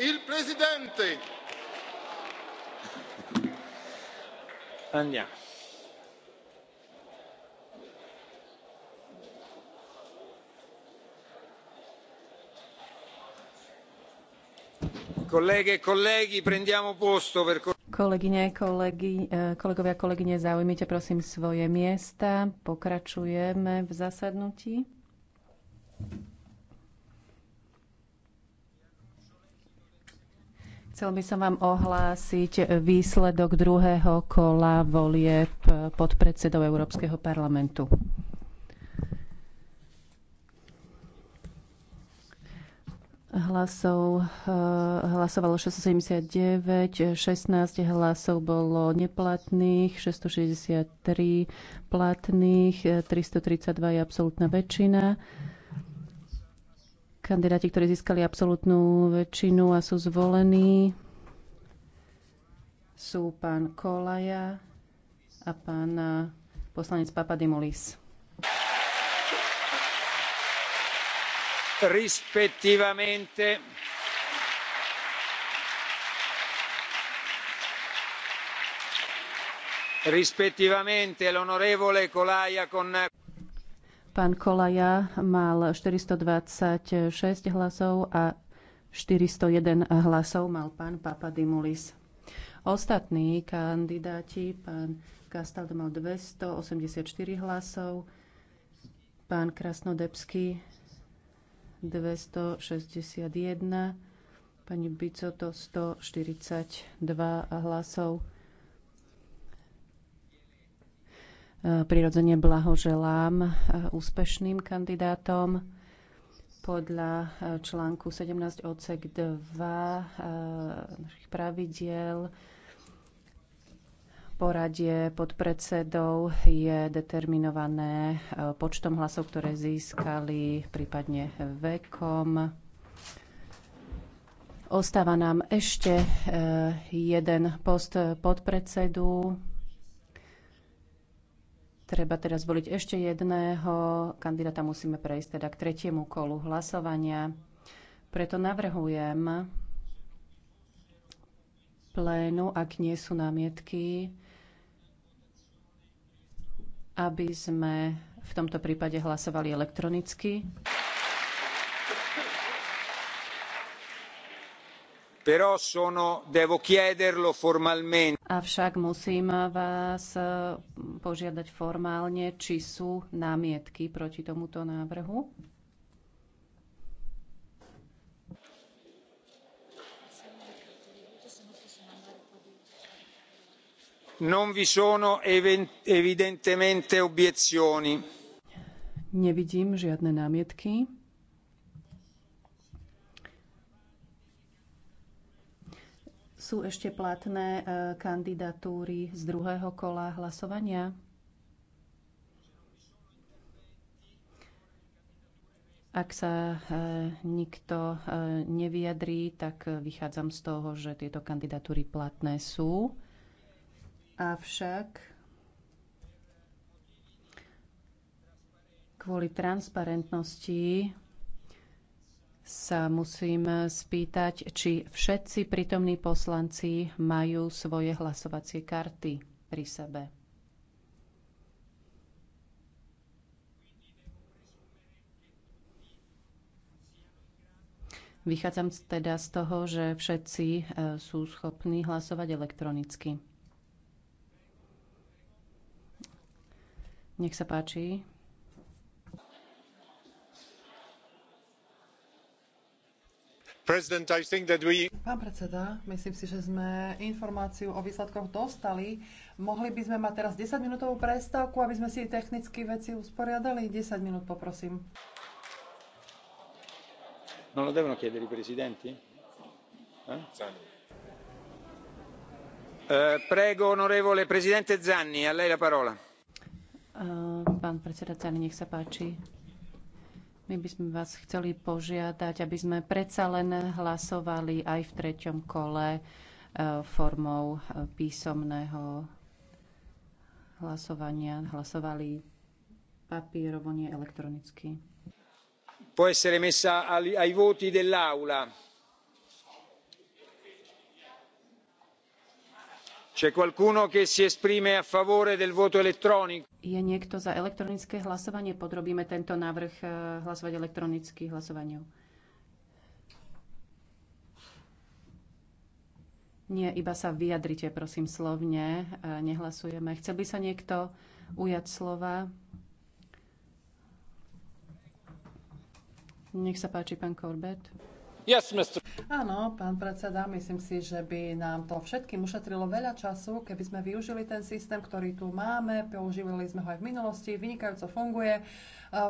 il presidente. andiamo. Kolege, kolegi, e prendiamo posto per... Kolegyne, kolegy, eh, kolegovia, kolegyne, zaujmite prosím svoje miesta. Pokračujeme v zasadnutí. Chcel by som vám ohlásiť výsledok druhého kola volieb podpredsedov Európskeho parlamentu. Hlasov, eh, hlasovalo 679, 16 hlasov bolo neplatných, 663 platných, 332 je absolútna väčšina. Kandidáti, ktorí získali absolútnu väčšinu a sú zvolení, sú pán Kolaja a pán poslanec Papadimulis. Respektívamente. rispettivamente l'onorevole Colaia con Pán Kolaja mal 426 hlasov a 401 hlasov mal pán Papadimulis. Ostatní kandidáti, pán Kastaldo mal 284 hlasov, pán Krasnodebský 261, pani Bicoto 142 hlasov. prirodzene blahoželám e, úspešným kandidátom. Podľa e, článku 17 odsek 2 e, našich pravidiel poradie pod predsedou je determinované počtom hlasov, ktoré získali, prípadne vekom. Ostáva nám ešte jeden post podpredsedu. Treba teraz zvoliť ešte jedného kandidáta, musíme prejsť teda k tretiemu kolu hlasovania. Preto navrhujem plénu, ak nie sú námietky, aby sme v tomto prípade hlasovali elektronicky. Avšak musím vás e, požiadať formálne, či sú námietky proti tomuto návrhu. Non vi sono evidentemente obiezioni. Nevidím žiadne námietky. sú ešte platné e, kandidatúry z druhého kola hlasovania? Ak sa e, nikto e, nevyjadrí, tak vychádzam z toho, že tieto kandidatúry platné sú. Avšak kvôli transparentnosti sa musím spýtať, či všetci prítomní poslanci majú svoje hlasovacie karty pri sebe. Vychádzam teda z toho, že všetci e, sú schopní hlasovať elektronicky. Nech sa páči. Pán predseda, myslím si, že sme informáciu o výsledkoch dostali. Mohli by sme mať teraz 10-minútovú prestávku, aby sme si technicky veci usporiadali. 10 minút poprosím. Non lo devono chiedere i presidenti? Uh, prego, onorevole presidente Zanni, a lei la parola. Eh, pán predseda Zanni, nech sa páči. My by sme vás chceli požiadať, aby sme predsa len hlasovali aj v treťom kole e, formou e, písomného hlasovania. Hlasovali papierovo, nie elektronicky. Può essere messa ai voti dell'Aula. Je niekto za elektronické hlasovanie? Podrobíme tento návrh eh, hlasovať elektronicky hlasovaniu. Nie, iba sa vyjadrite, prosím, slovne. Eh, nehlasujeme. Chcel by sa niekto ujať slova? Nech sa páči, pán Korbet. Áno, pán predseda, myslím si, že by nám to všetkým ušetrilo veľa času, keby sme využili ten systém, ktorý tu máme, používali sme ho aj v minulosti, vynikajúco funguje,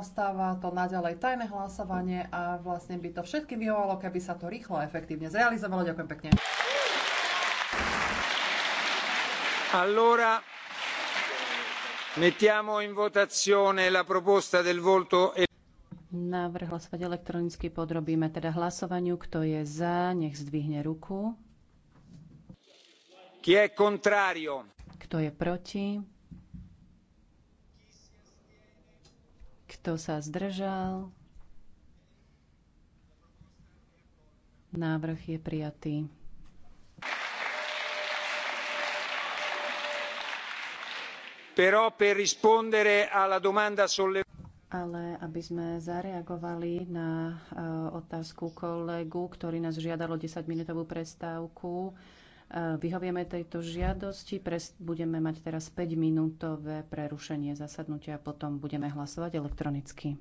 stáva to naďalej tajné hlasovanie a vlastne by to všetkým vyhovalo, keby sa to rýchlo a efektívne zrealizovalo. Ďakujem pekne. Allora, mettiamo in votazione la proposta del voto e Návrh hlasovať elektronicky podrobíme teda hlasovaniu. Kto je za, nech zdvihne ruku. Kto je proti? Kto sa zdržal? Návrh je prijatý. Però per rispondere alla domanda sollevata ale aby sme zareagovali na eh, otázku kolegu, ktorý nás žiadalo 10-minútovú prestávku. Eh, vyhovieme tejto žiadosti, budeme mať teraz 5-minútové prerušenie zasadnutia a potom budeme hlasovať elektronicky.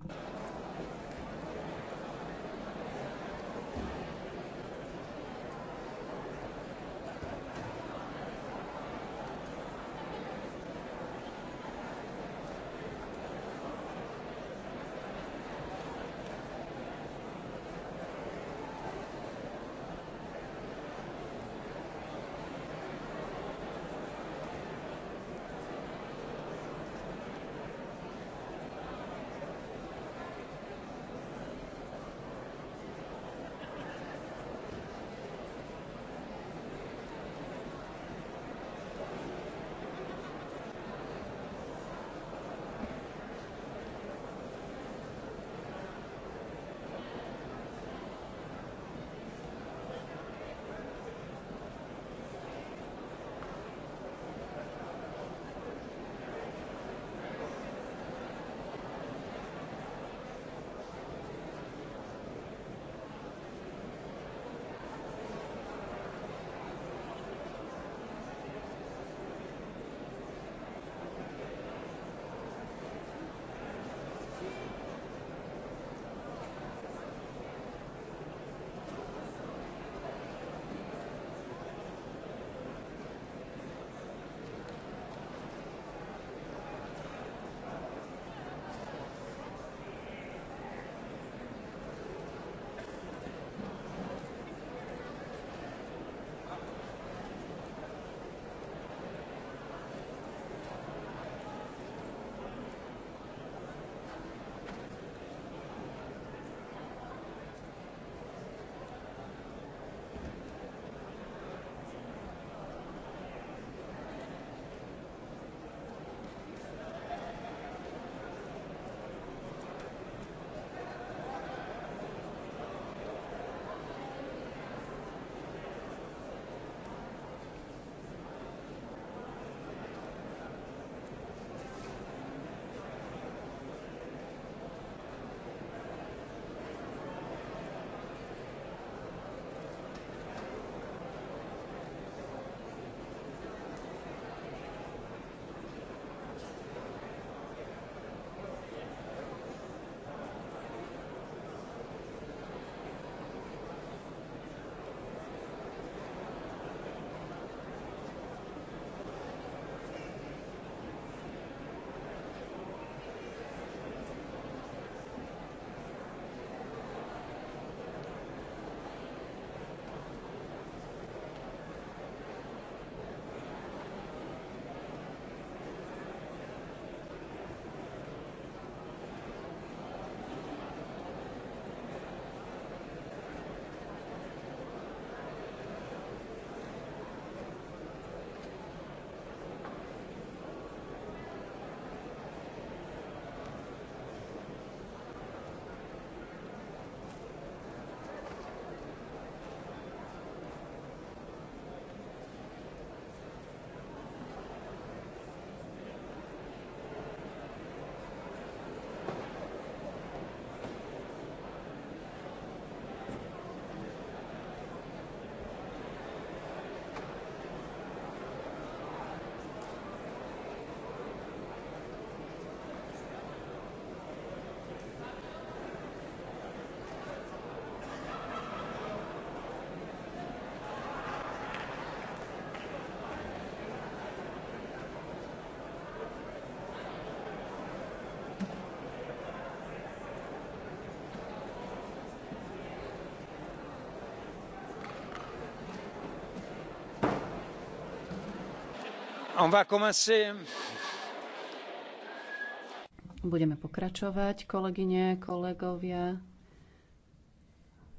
Budeme pokračovať, kolegyne, kolegovia.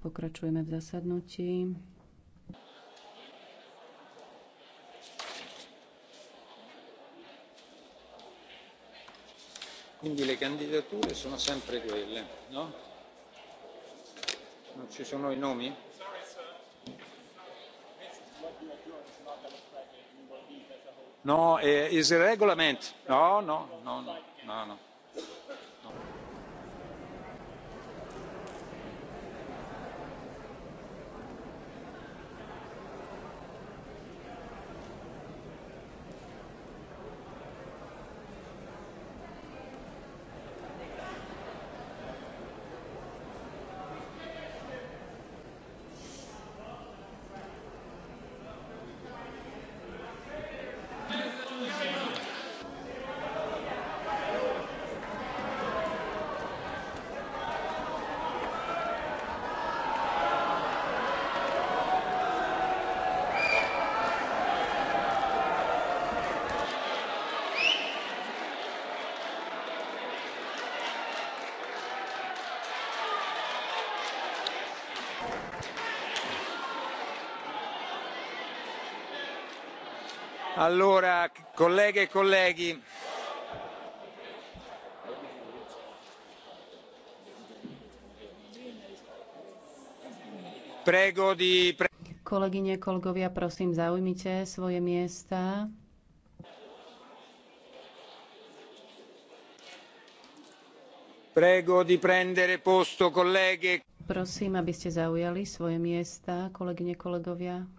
Pokračujeme v zasadnutí. Quindi le candidature sono sempre quelle, no? Non ci sono i nomi? no eh, is a No, no no no no no. allora colleghe e colleghi prego di kolegyne kolegovia prosím zaujmite svoje miesta prego di prendere posto colleghe prosím aby ste zaujali svoje miesta kolegyne kolegovia